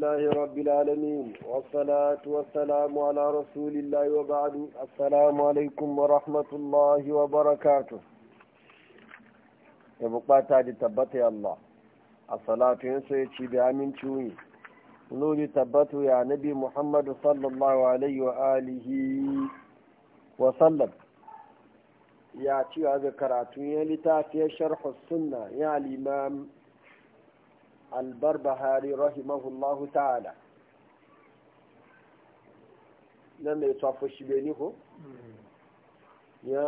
لله رب العالمين والصلاة والسلام على رسول الله وبعد السلام عليكم ورحمة الله وبركاته يا تعدي تبت يا الله الصلاة يتشي بأمين شوي نولي تبت يا نبي محمد صلى الله عليه وآله وسلم يا تيو هذا كراتو يا لتاتي شرح السنة يا الإمام albarbahari rahimahullahu ta'ala nan mai tafi shi beni ko mm. ya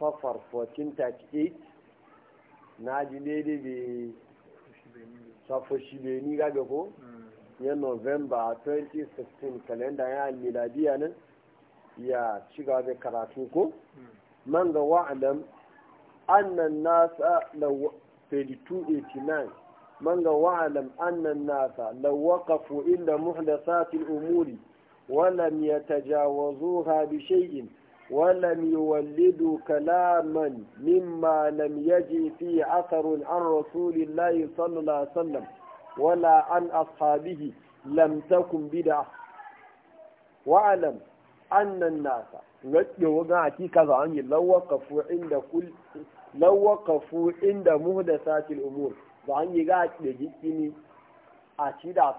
fafar 1438 na ji ne da bi tsafo shi beni gaga ko mm. ya novemba 2016 kalenda ya miladiya nan ya ci gaba karatu ko mm. man ga wa'adam annan nasa page 289 man ga wa'alam annan nasa lawakafu inda muhdasatil umuri ولم يتجاوزوها بشيء ولم يولدوا كلاما مما لم يجي فيه أثر عن رسول الله صلى الله عليه وسلم ولا عن أصحابه لم تكن بدعة واعلم أن الناس يوقع كذا عن لو وقفوا عند كل lawakafu inda muhdasatil umur ba an yi ga da jikini a ci da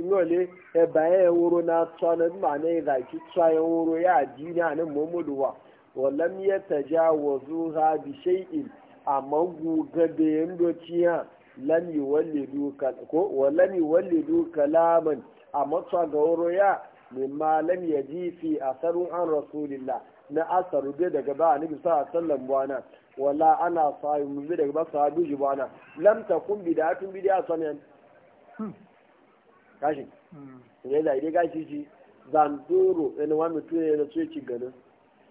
ngole e baye woro na tsana ma ne ga ki tsaye woro ya dina nan Muhammadu ta wallam yatajawazu ha bi shay'in amma guga da yando ciya lam yuwallidu kal duka wallam yuwallidu kalaman amma tsa ga woro ya mimma lam yaji fi asarun an rasulillah na asaru daga ba annabi sallallahu alaihi wasallam wana wala ana sayu mu bi daga basa hadu ji bana lam kun bid'atun da sanan kashi hmm. ne hmm. da ide gashi shi zanduro ina wa mutu ne na ce ci gana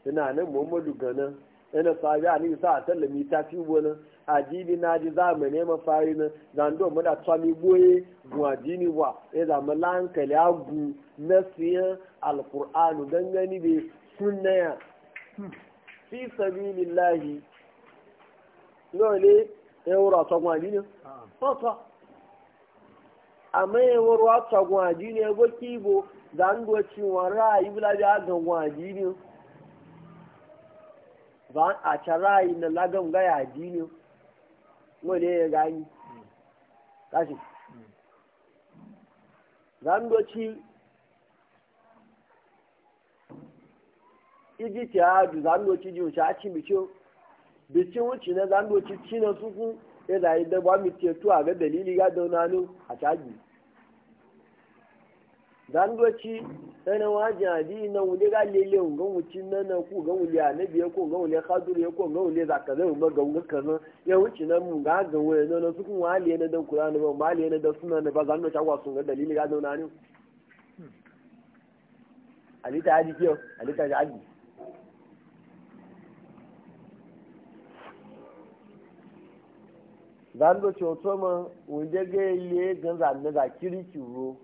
ina nan muhammadu gana ina sabi ani sa sallami ta fi bona ajibi na ji za mu nema fari na zando mu da tsami boye guadini wa ya zama lankali agu na siyan alkur'anu gani bai sunna hmm. fi sabilillahi náà lé ẹwọ́rọ̀ àtọ̀gùn àdínì wọ́n tọ́ àmọ́ ẹwọ́rọ̀ àtọ̀gùn àdínì ẹgbẹ́ kí ibo dáńgọ́ tí wọ́n rà ìbílájọ́ àgàngùn àdínì ban a cara yi na lagan gaya adini wani ya gani kashi zandoci iji ta yadu zandoci ji wuce a cimice bicin wuce na zan doci cina suku ya zayi da ba mu ceto a ga dalili ga nu a caji zan doci waje a adi na wule ga lele ga wuce na na ku ga wule a na biya ko ga wule hadur ya ko ga wule za ka zai ga wule kazan ya wuce na mu ga ga wule na na suku waliye na dan kula na ba waliye na dan suna na ba zan doci a wasu ga dalili ga daunanu hmm. alita ji kiyo alita ji zando ci oto ma wunje ga ile gan za ne za kiri ki ro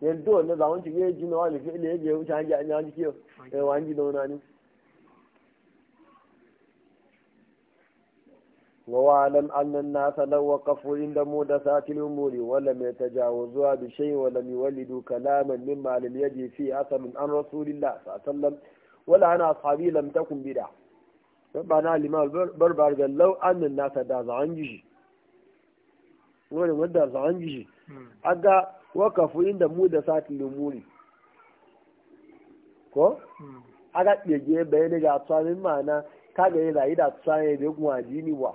yen do ne za wunje ga ji na wa lefe ile ga wuce an ji an yawon jikiyo e wa an ji na wunani wa wa alam annan na salon wa kafo inda mu da satin muri wala mai ta jawo zuwa bi shayi wala mi wali du kalaman min malam ya je fi asalin an rasulillah sallan wala ana sabi lam takun bida ba na limal barbar ga lau annan na ta da za an ji shi wani wanda su an gishi hmm. aga wakafu inda mu da sati lumuri ko hmm. aga ɗege bayani ga tsamin ma'ana kaga yi rayu da tsamin da kuma jini wa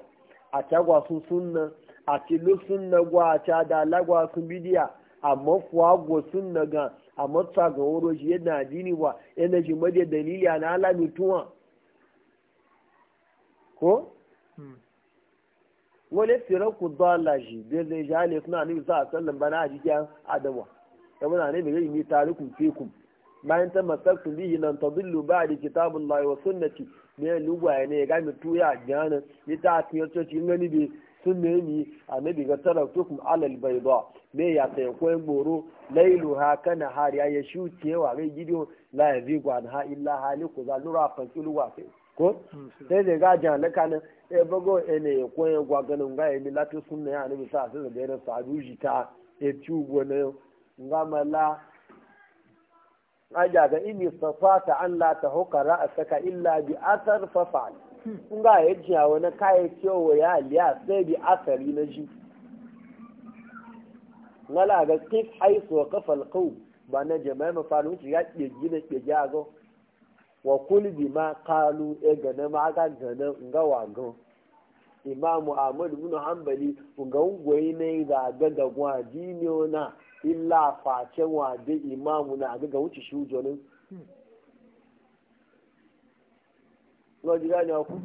a cagwa sun sunna a cilu sunna gwa a ca da lagwa sun bidiya amma mafuwa gwa sunna ga amma matsa ga wuro shi yadda jini wa yadda shi madiyar dalili a na alamutuwa ko hmm. wale firar ku dala shi bai zai shi suna nufi sa a sallan bana a jikin adawa da muna ne mai yi tarikun fekum bayan ta masarsu bihi nan ta zullu ba da kitabun layi wa sunnati ne lugwaye ne ya gami tuya a jihanin ni ta fiye yarce shi gani bai sun ne ni a nabi ga tarar tukun alal bai ba ne ya ta yankon boro lailu ha kana har ya ya shuke wa rai gidiyo la ya zai gwana ha illa hali ku za lura fanki luwa sai ko sai zai ga jan laka nan e bago mm, ene ya gwa ganin ga yi latu sunna ya ne bisa sai da yana saduji ta e tubo ne eh, eh, eh, ngamala aja ga inni safata an la ta huka saka illa bi athar fafal kun hmm. ga ya jiya wani kai cewa ya liya sai bi athari na ji wala ga kif haisu wa kafal qaw ba na jama'a mafalu ya ke gina ke jago wa kulli ma kalu e gane ma ga gane nga wa imamu ahmad ibn hanbali nga ngoyi ne da ga ga gwaji ne ona illa face wa de imamu na ga wuce shi ujonin ko ji gani ku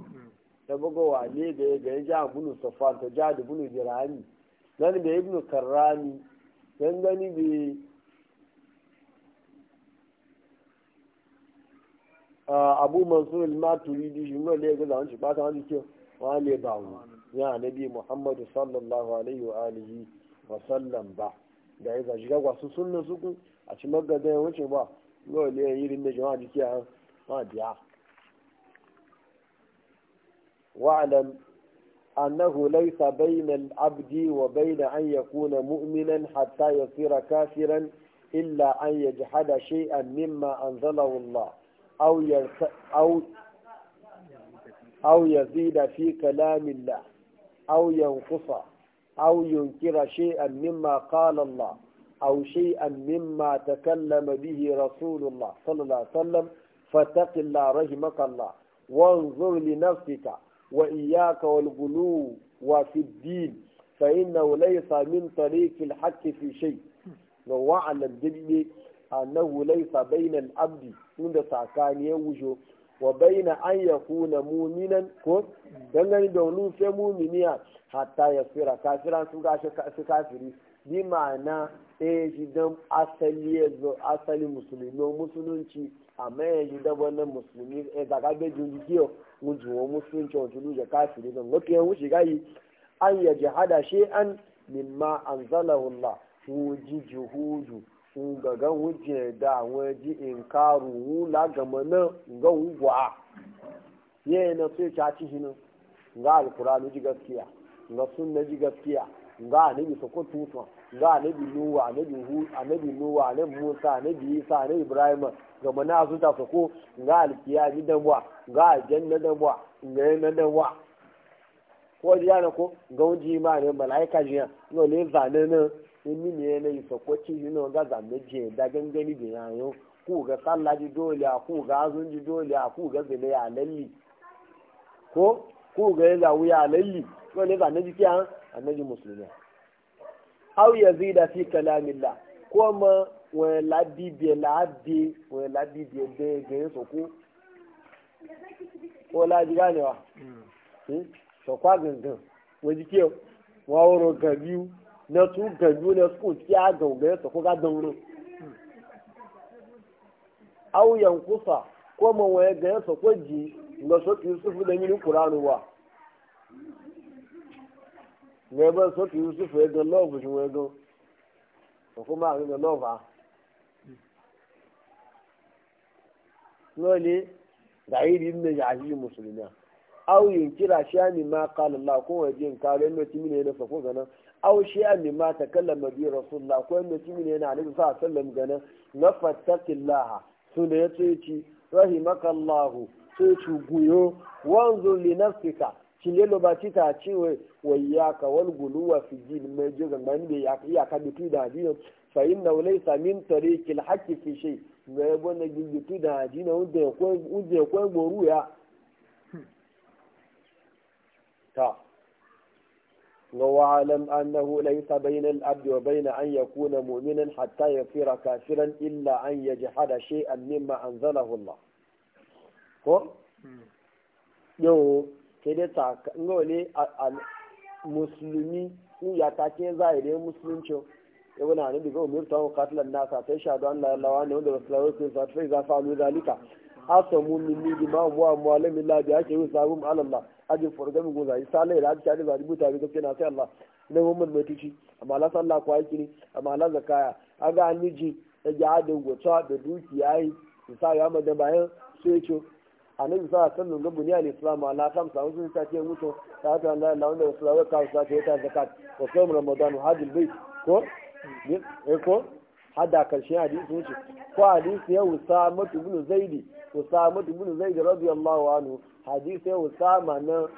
da bugo wa ne ga ga ja bunu safa to ja da bunu jirani na da ibn karrani dan gani bi abu mansur al-maturidi shi ne ya gaza wani ba ta wani kyau wale ba mu ya nabi muhammadu sallallahu alaihi wa alihi wa sallam ba da ya zaji gagwa su sunna suku a ci magadan wuce ba lole ya yi rinda jama'a jiki a ma biya wa'alam أنه ليس بين العبد وبين أن يكون مؤمنا حتى يصير كافرا إلا أن يجحد شيئا mimma أنزله الله Au ya zida fi kalamin la, au yankusa, au yunkira she’an mimma kalallah, au she’an mimma ta kallama bihi Rasulullah sallallahu Alaihi Wasallam, fataƙin larahi makallah, wan zurli nafsika wa iyaka wal gulu wa fiddin, fa inna laisa min tariqil haqqi fi shay, wa wa’alan dubbe, annahu laisa bainal abdi. da ya wujo wa baina an ya kuna muminan ko dangane da wani sai muminiya hatta ya fira kafiran su gashi su kafiri bi ma'ana eh jidan asali ya zo asali musulmi musulunci amma ya ji dan wannan musulmi eh da ka bejo ji kiyo wa musulunci wa tulu ya kafiri don wato ya wuce gayi an ya jihada shay'an mimma anzalahu Allah wuji juhudu gaga wuje da àwọn ji inkaru wu lagama na ga wugwa ye na so ya ci hinu ga alqur'anu ji gaskiya ga sunna ji gaskiya ga annabi sokoto mutuwa ga annabi nuwa annabi hu annabi nuwa annabi musa annabi isa annabi ibrahima ga mana su ta soko ga alkiya ji dabwa ga aljanna dabwa ga yana dabwa ko ji yana ko ga wuji ma ne malaika jiya no le na. emi ne yana yi sokoci yi na gaza meje da gangani da yayo ku ga sallah ji dole a ku ga azun ji dole a ku ga zane ya lalli ko ku ga ya zawu ya lalli ko ne zane ji kiyan annabi musulmi aw yazida fi kalamillah ko ma wani labibiye labi wani labibiye da ga yin soko ko laji ganewa mm. hmm? sokwa gangan wani kiyo wawuro ga biyu na tu gandu na su kiya gaugaya su kuga dauro auyan kusa ko mawaye gaya su ko ji su ki su da mini kuranu wa ne ba su ki yusuf ya ga love shi wa ga ko kuma a ga love a lole ga din ne ya yi musulmi auyin kira shani ma qala allah ko wajen kare ne timi ne na sako gana. aw shi'a mata takallama bi rasulullah ko mutumin yana ne yana alaihi sallam gana na su da ya ce ci rahimakallahu sai guyo wanzu li nafsika ci ne ta wai ya ka wal wa fi jin mai jiga gani bai ya iya ka bitu da dinin fa inna samin tare kil haqqi fi ga yabo na gigitu da dinin wanda ya ko واعلم أنه ليس بين الأبد وبين أن يكون مؤمنا حتى يصير كافرا إلا أن يجحد شيئا مما أنزله الله ko yau ke dai tsakangole musulmi sun ya take zahirin musulunci yau na nabi ga umirta wa katilan nasa sai shaɗu an lalawa ne wanda wasu lawar sun sarfai za fa alu zalika asamu min nidi ma'amuwa mu'alamin labi ake yi sabon ajin furga mu gozayi sale da ta da zari buta ga kina sai Allah ne mu mun mutuci amma la sallah ko aiki ne amma la zakaya aga aniji da ja da gota da dukiya yi sa ya madan bayan sai ce annabi sa sallu ga buniya al-islam ala sa wasu ta ce mutu ta ta Allah Allah wanda sai da ka sa ce ta zakat wa mu ramadan hadil bait ko ne eh, ko hada karshen hadisi ne ko hadisi ya usama ibn zaidi usama ibn zaidi radiyallahu anhu hadisai usama na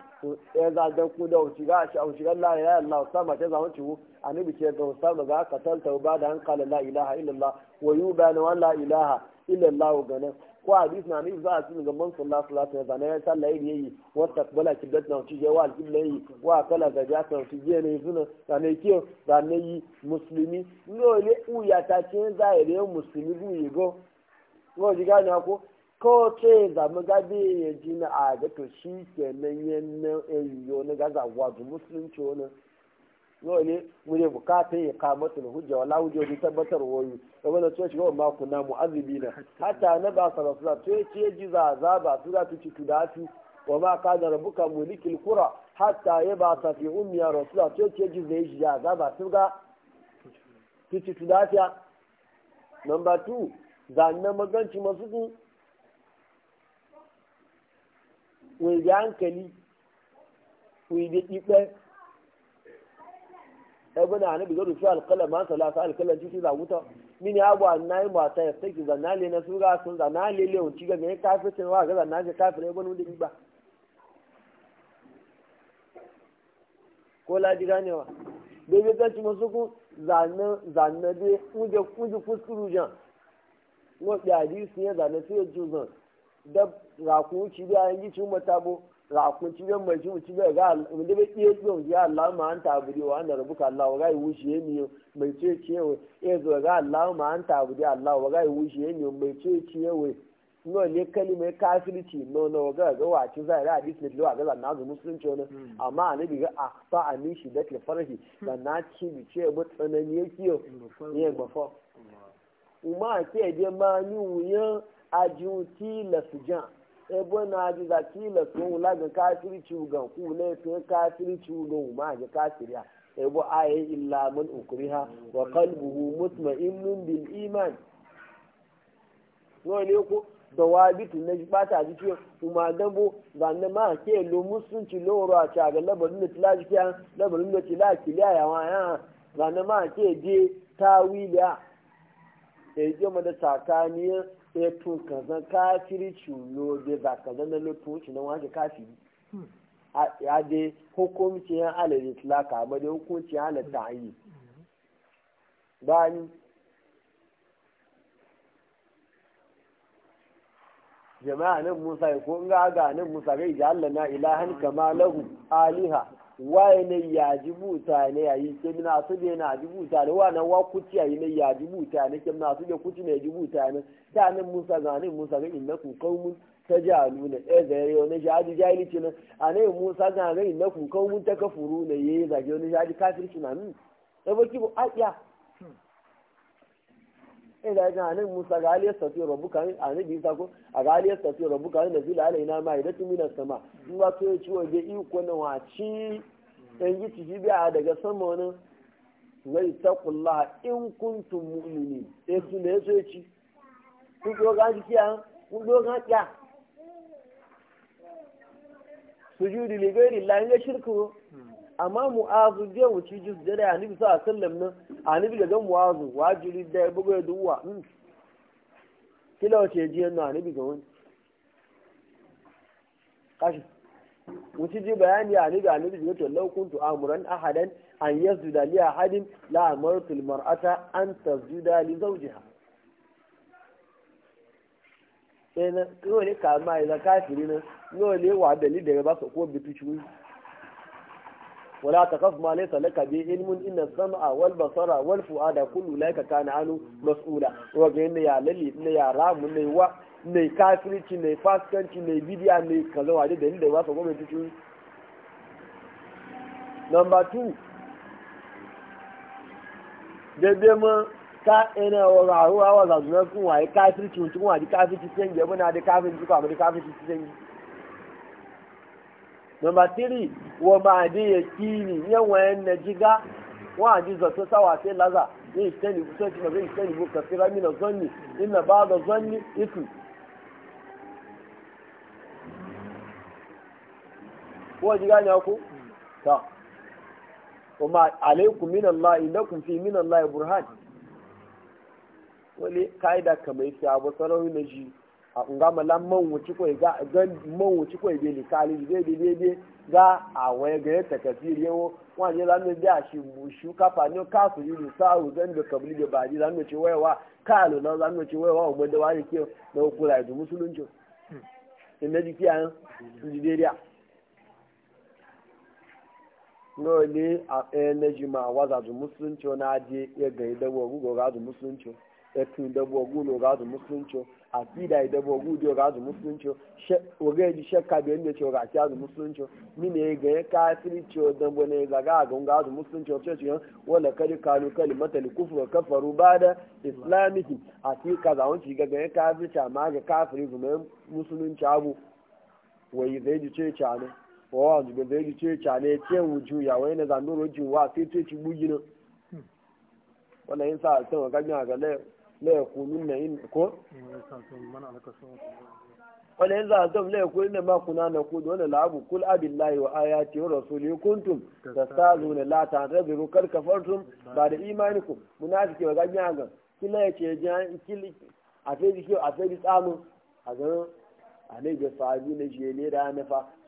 ya zagen ku da ushiga ushiga la ilaha illallah usama ta zama ciwo annabi ce ga usama ga ka tanta ba da hankali la ilaha illallah wa ba na wala ilaha illallah gana ko hadis na annabi za a cikin gaban sallallahu alaihi wasallam zana ya salla yi yi wa takbala kiblat na ci wa alqibla yi wa kala ga ja ta ci je ne zuna zane ki ne yi muslimi no le uya ta cin zaire muslimi bu yi go ko jiga na ko kawai da magabi ya ji na a ga to shi ke nan yannan yiwu na gaza wato musulunci wani yau ne mune bukata ya kama su hujja wala hujjoji tabbatar wayo da wanda to shi gaban maku na mu'azzibi na Hata na ba sa da to ya ji za za ba su za su ci tudatu wa ma kana rabbuka mulikil qura hatta ya ba sa fi ummiya rasula to ya ji zai ji za ba su ga ci tudatu number 2 zanna maganci masu wai da hankali wai da na ibn hanabi zai rufe alƙalam ma salasa alƙalam ciki za wuta mini abu an nayi mata ya zana le na sura sun zanale le unci ga ne kafirin wa ga zanale kafirin ibn wanda ɗiɓa ko ladi ganewa daidai ta ci masu ku zane dai kuje kuskuru jan wọ́n pe àdìsí yẹn zane sí ju zan da rakun ci da yanki ci mata bo rakun ci da mai ci ci da ga wanda bai iya yin ya Allah ma an tabiri wa anna rubuka Allah wa gai wushi mai ce ce wa eh zo ga Allah ma an tabiri Allah wa gai wushi mai ce ce no ga ga a hadis ne ga musulunci hmm. amma ga shi da hmm. ci bi ce bu tsanani yake yau ne ba fa umma ajiyu tilas jan ebo na aji za la su wula ga kafiri ciwugan ku ne fi kafiri ciwugan ma ga kafiri ebo aye illa man ukriha wa qalbuhu mutma'innun bil iman no ne ko da wabitu na ji ta ji ce kuma dabo ga na ma ke lo musunci ro a ta ga labarin da tilaji kiyan labarin da la kiya ya wa ya ga na ma ke je tawiliya e yake mu da sakaniya Hmm. ya etu kazan kafiri cuyo bai za kazan na lutun shi nan wani kafiri ya dai hukunciyar alal itlaka ba dai hukunciyar alal ta'ayi bani jama'a nan musa ya ko in ga nan musa ga ijalla na ilahan kama lahu aliha wa ne ya ji buta ne ke mina su ne na ji buta wa nan wa kuci yayi ne ya na buta ne ke mina su ne kuci ne ji ta nan Musa ga nan Musa ga ta qaumun na e da yayi ne jadi jahilci ne Musa ga nan innakum ta e ne kafirci na min e e da baki bu e ga nan Musa ga aliyar ne ko a ga aliyar safi rabbuka ne da zila alaina ma idatu minas sama na waci yan yi ci biya daga sama wani wai taqullaha in kuntum mu'minin sai eh, su ne so ci ku doga ji kiya ku doga kiya sujudi li gairi la inga shirku amma mu'azu je wuci jus da da annabi sallallahu alaihi wasallam nan annabi ga mu'azu wajiri da duwa hmm. kila wace ga wani kashi wuce ji bayani a nuna annabi zuwa ta laukun amuran ahadan an eh, yi zuda hadin la'amar tulmar ata an ta zuda li zauji kama ya zaka fili na nole wa dalil da ya ba su ko bitu wala ta kafa malai salaka bi ilmin ina sama wal basara wal fu'ada kullu laika kana anu mas'ula wa ga yin ya lalli ya ramu ne wa mai kafirci mai fasikanci mai bidiya mai kaza waje da inda ba su gwamnati cikin Nomba two dabe ma ka ina wa rahuwa wa zazunar kun waye kafirci mutum waje kafirci yi? gebe na da kafirci kwa da kafirci yi. Nomba three wa ma da ya kini yan wayan na jiga wa ji zato sawa sai laza zai shi ta ne kusurci ba zai shi ta ne bukasira na zonni ina ba da zonni isu ko ji gane ku ta kuma alaikum min Allah innakum fi min Allah burhan wale kaida kamar shi abu sarawi na ji a nga malan man wuci ko ga gan man wuci ko be li kali be be be be ga a waye ga ta kafir yawo wa ya zan da shi mu shu kafa ne ka su yi sa'u zan da kabli da baji zan ce wayewa kalu na zan ce wayewa umma da wani ke na kula da musulunci hmm. in na jiki an su ji nole na e, jima waza zu musulunci wani aje ya e, ga idabo e, ga zu musulunci ya tun idabo gugo ga zu musulunci a fida idabo gugo ga zu musulunci oge ji shakka biyan da ce ga ki zu musulunci ga ya kafiri ce dan bane ga ga nga azụ zu musulunci ce ce wala kali kalu kalimata li kufru kafaru bada islamiki kaza ga ga ya ma ga kafiri zuma musulunci abu zai ji wa zube zai ji ce cane ce wuju ya wani na zando rojin wa sai ce ci bugi nan wannan yin sa a sama ganya ga na ya kunu na yin ko wannan yin sa a sama na ya kunu na ma kuna na kudu wani labu kul abillahi wa ayati wa rasuli kuntum da sa zuna lata da zuru karkafartum ba da imanikum munafiki wa a ga kila ya ce kili a sai jiki a sai ji tsamu a ganin a ne ga sahabi na ne da na fa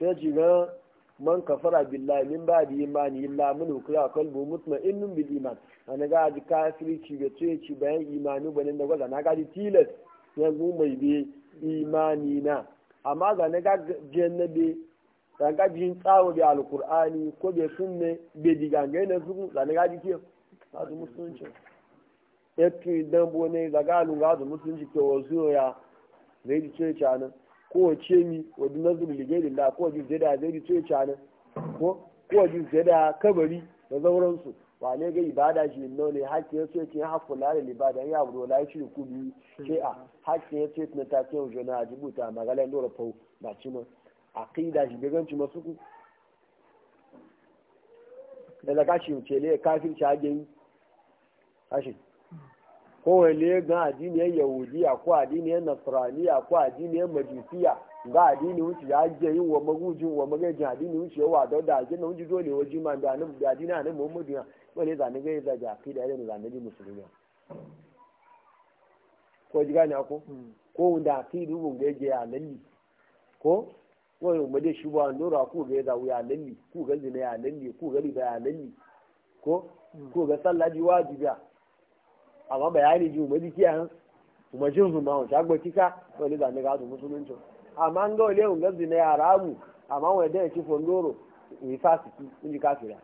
sai jiga man kafara billahi min ba da imani illa mun hukura kalbu mutma'innun bil iman ana ga ji ci ga ce ci bayan imani banin da gwaza na ga ji tilas yanzu mai bi imani na amma ga na ga jannabe da ga ji tsawo bi alqur'ani ko be sunne be ga na su da na ga ji ke azu musulunci yake dan bone da ga lunga azu musulunci ke wazo ya zai ji ce canan ko ce mi wa dunan zuru da ko ji zai zai ko zai kabari da zauransu wa ne ga ibada shi no ne hakki ya ce cin hakku da ibada ya buro la shi ku bi a hakki ya ce na ta ce jo na jibuta magala ndora fau ba ci ma aqida shi bigan ci masu ku da ce le kafin ci kowane ga adiniyar yahudiya ko adiniyar nasraniya ko adiniyar majusiya ga adini wuce ya je yin wa magujin wa magajin adini wuce wa da da ajin wuce dole wa jima da nan da adini nan muhammadu ya wani zane ga ya da kai da irin zane da musulmi ko ji gane ako ko da kai dubun ga je ya lalli ko wani umade shi ba nura ku ga ya zawu ya lalli ku ga zina ya lalli ku ga riba ya lalli ko ko ga sallaji wajibiya amma bayani ji umarni kiyan umarjin zuma wacce agbo kika wani zane ga musulunci amma an ga wale un gazi na yara mu amma wani da ya ci fondoro yi fasiki in ji kafira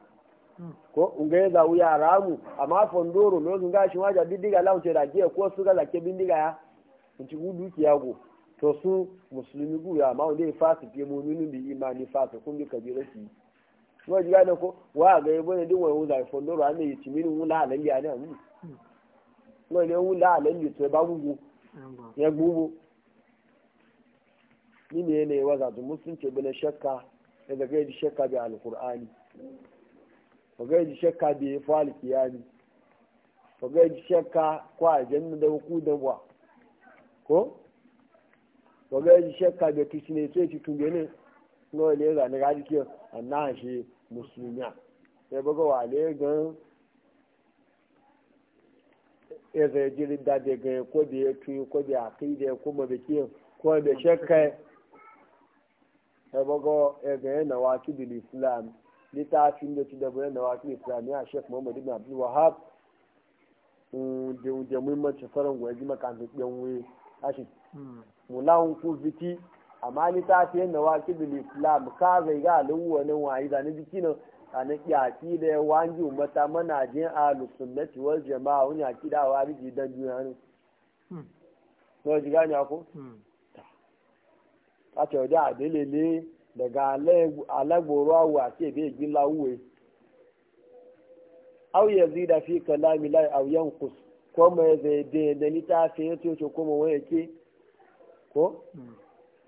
ko un ga ya zawu yara mu amma fondoro lokacin ga shi wajen bindiga launce da ke ko su ga zake bindiga ya in ci gudu kiyago to su musulmi guya amma wani ya fasiki muminin bi imani fasikun bi kabirasi wọ́n ti gbádùn kó wọ́n àgbẹ̀ ìbọn ẹ̀dínwó Fondoro làìfọ́ lọ́rọ̀ yi cimini ńlá àlẹ́lẹ́ àná àmì wọ́n ilé wú ne ní za mu sun yẹn gbówó nínú yẹn lè wọ́n zàtò muslim tẹ̀ bẹ̀rẹ̀ ṣẹ́ka ẹ̀dẹ̀gẹ́ yi ṣẹ́ka bíi alukur'ani ọ̀gá ìdí ṣẹ́ka bíi fọ́ alìkìyani ọ̀gá ìdí ṣẹ́ka kọ́ àjẹ́nu dẹ́wọ́ kú dẹ́wọ́ kó ọ̀gá ìdí ṣẹ́ka bíi kìsìnà ètò ètò ìtúgbẹ́ náà wọ́n ilé rà ní rádìkì àná àṣe mùsùlùmí à ẹ̀ bọ́gọ̀ wa lẹ́gàn gan. ya zai jirin da da gaya ko da ya tuyi ko da aƙi da ya kuma da kiyan ko da shakka ya bago ya gaya na waki bil islam littafin da ci da bayan na waki islam ya shek muhammadu bin abdul wahab da muhimmanci farin gwaji da ɗan wuri ashin mulawun ku fiti amma littafin na waki bil islam ka zai ga alawuwa wani wayi da na jiki nan ani na ƙi da ya wangi umata mana jin a lusunnati wal jama'a wani a da wa riji don juna ne. Nawa hmm. ji gani ako? Hmm. A ce wadda a dalile daga alagboro awu a ce bai gila uwe. Au ya zida fi kalami lai au yankus ko mai zai daidai littafi ya ce kuma wani ke ko?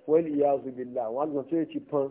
Wani iyazu billah wani zai ce fan.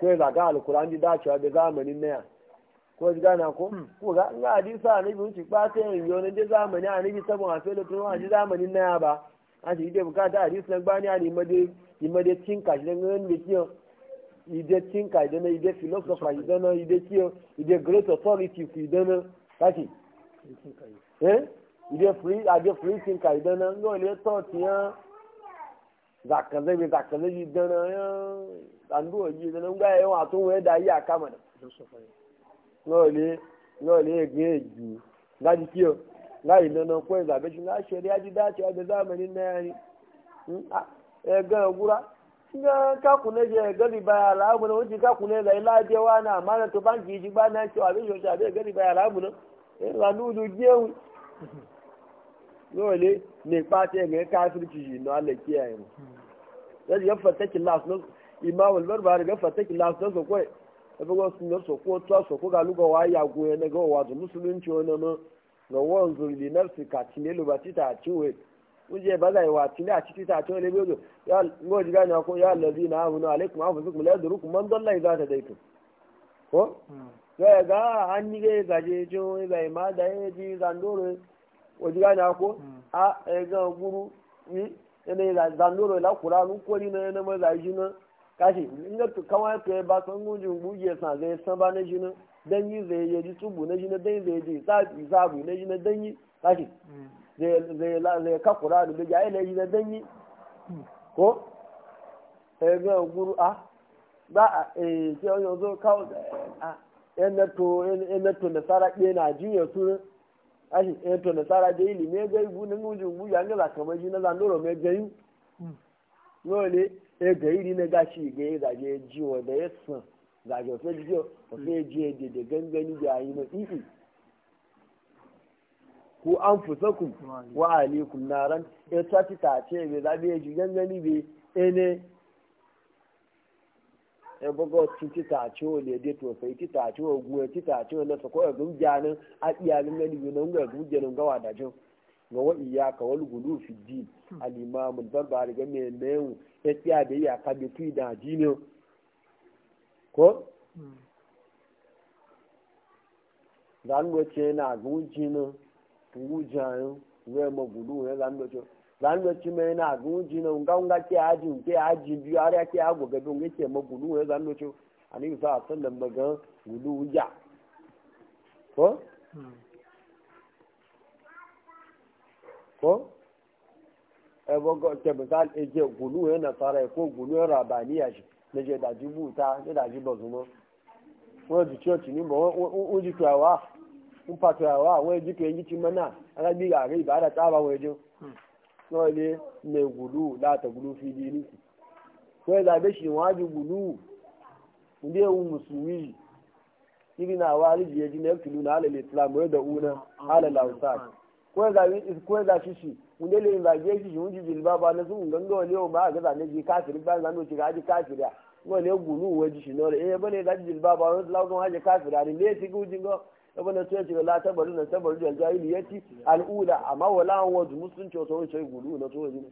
ko ya zaga alkur'an ji dacewa da zamanin naya ko ji gana ko hmm. ko ga Nga ga sa annabi mun ci ba ta yin yau ne zamani annabi sabon a fela tun a ji zamanin naya ba an ci ide bukata hadisi nan bani ani made imade tinka shi dan ngin da kiyo ide tinka ide na ide philosopher ide na ide kiyo ide great authority ku ide na kati eh de free ade free tinka ide na ngole to tiyan zakaze bai zakaze yi eh, dana ya tsanduwa yi dana ga yi wato wani da yi a kama da lole lole ya gaya ju ga ji kiyo ga yi dana ko zabe shi ga shari'a ji dacewa da zamanin na yani ya gaya hmm, gura ga kakune je gari baya lamu na wajen kakune zai lajewa na amana to banki ji ba na ta cewa abin shi abin gari baya lamu na ya eh, zanu da gewu lole ne pati ya ga kafirci shi na alaƙiya yi mu zai ya fataki las nan imam al ga las bugo so ko to so ko wa ya go wa no won li nafsi ka ba wa a ta ciwe le ya ngo diga na ko ya allazina amanu alaikum la man dalla tadaitum ko ya ga an jo bai ma na ko hmm. a ga guru ni yanayi da zanuro kura nun na yana mai zai jina kashi in ga kawai ka ba san zai san ba na jina dan yi zai yaji tubu na jina dan zai ji zabi zabu na jina dan yi kashi zai zai ka kura da buge ai lai dan yi ko e guru a ba yanzu kawo a e, yana e, to yana to nasara na jiya ashi eto eh, na tsara da ili me ga ibu na ngujin bu ya ngala kamar ji na ndoro me hmm. eh, ga yu lole e ga iri na gashi ga ya zaje ji wa da ya san zaje o fe ji o fe ji e de de gangani da yi na i'i ku an fusakum wa alaikum naran e ta ci ta ce be zabe ji gangani be ene ebogo tin tita o le de to fe tita tita na ko gum janu a iya gum ne ni non ga gum janu ga wada jo ga wa iya ka wal gudu me ya ka bi tu ko na gu jino gu janu we mo zanwe ci mai na gunji na nga nga ke aji nke aji biyu har ke ago gabe nga ke magulu ya zanwe ci ani sa sallan magan gulu ya ko ko e bo go ke misal e je gulu ya na tsara e ko gulu ya rabani ya shi na je da jibu ta je da jibu zumo wọ́n ti church ní mọ̀ wọ́n jí tu àwa ń pàtó àwa àwọn ẹjí tó ẹjí ti mọ́ náà alágbègbè àárẹ̀ ìbáradà táwọn ẹjọ́. náà lé ní gùlù látàgùlù fi di ní sí kó ìlàbẹ́ shi wọ́n á di gùlù ndé ewu mùsùlùmí yìí ibi na ya jina na alal islam wa da una alal awsat ko da ko da shishi mun dai shi mun jilba ba na sun ganga wale ma ga da ne ji kafiri ba zan ci ga ji kafira ko ne gulu waji shi no eh bane jilba ba wani lawo ga ji kafira ne ne ti gujin go saboda sai shiga la tabaru na tabaru da jahiliyati al'ula amma wala an wazu musulunci wasu wani sai gulu na tsohon ne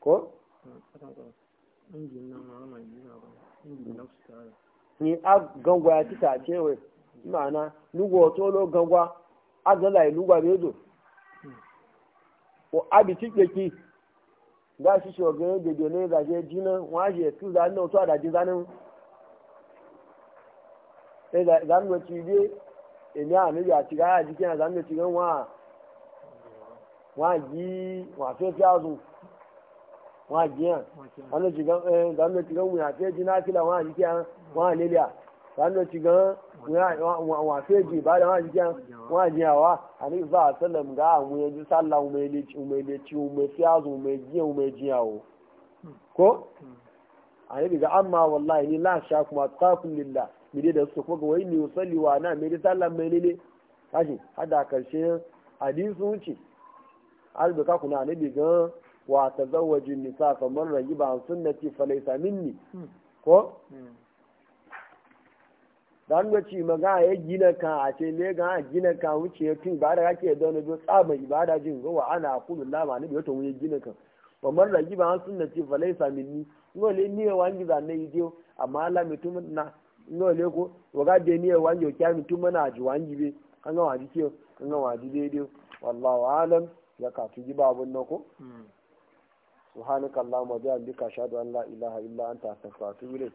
ko? ni a gangwa ya cika cewa ma'ana lugo gangwa a zala yi lugwa bezo ko abi cike ki ga shi wa gani da sai da ga cibe èmi àmì yà ti ráyà jí kí ẹ̀ sáré ti rán wọn à wọn àjí wọn àfẹ́ fi àzùn wọn àjí hàn sáré ti rán ẹ̀ sáré ti rán wọn àfẹ́ jí náà kílà wọn àjí kí hàn wọn àlélẹ̀ wa sáré ti rán wọn àfẹ́ jí ìbálẹ̀ wọn àjí kí hàn wọn àjí hàn wá àní ìfà àtẹlẹ nga àwọn ẹni sálà ọmọ ilé tí ọmọ fi àzùn mide da su kuma wai ne wa na mide sallan mai ne kashi hada karshe hadisu wuce albuka kuna annabi ga wa tazawwaju nisa fa man ragiba an sunnati fa laysa minni ko dan gaci maga ya gina ka a ce ne ga gina ka wuce ya tun ba da kake da wani tsaba ibada jin ga wa ana kullu ma annabi wato wuce gina ka wa man ragiba an sunnati fa laysa minni ngole ni wa ngi zanne yidio amma la mutum na Ina ole ko waga de ni e wa nyo kya mi tuma na ji wanji be kan ga waji ke kan ga waji daidai wallahu alam ya ka tuji babu nako hmm. subhanakallahumma wa bihamdika ashhadu an la ilaha illa anta astaghfiruka wa atubu ilayk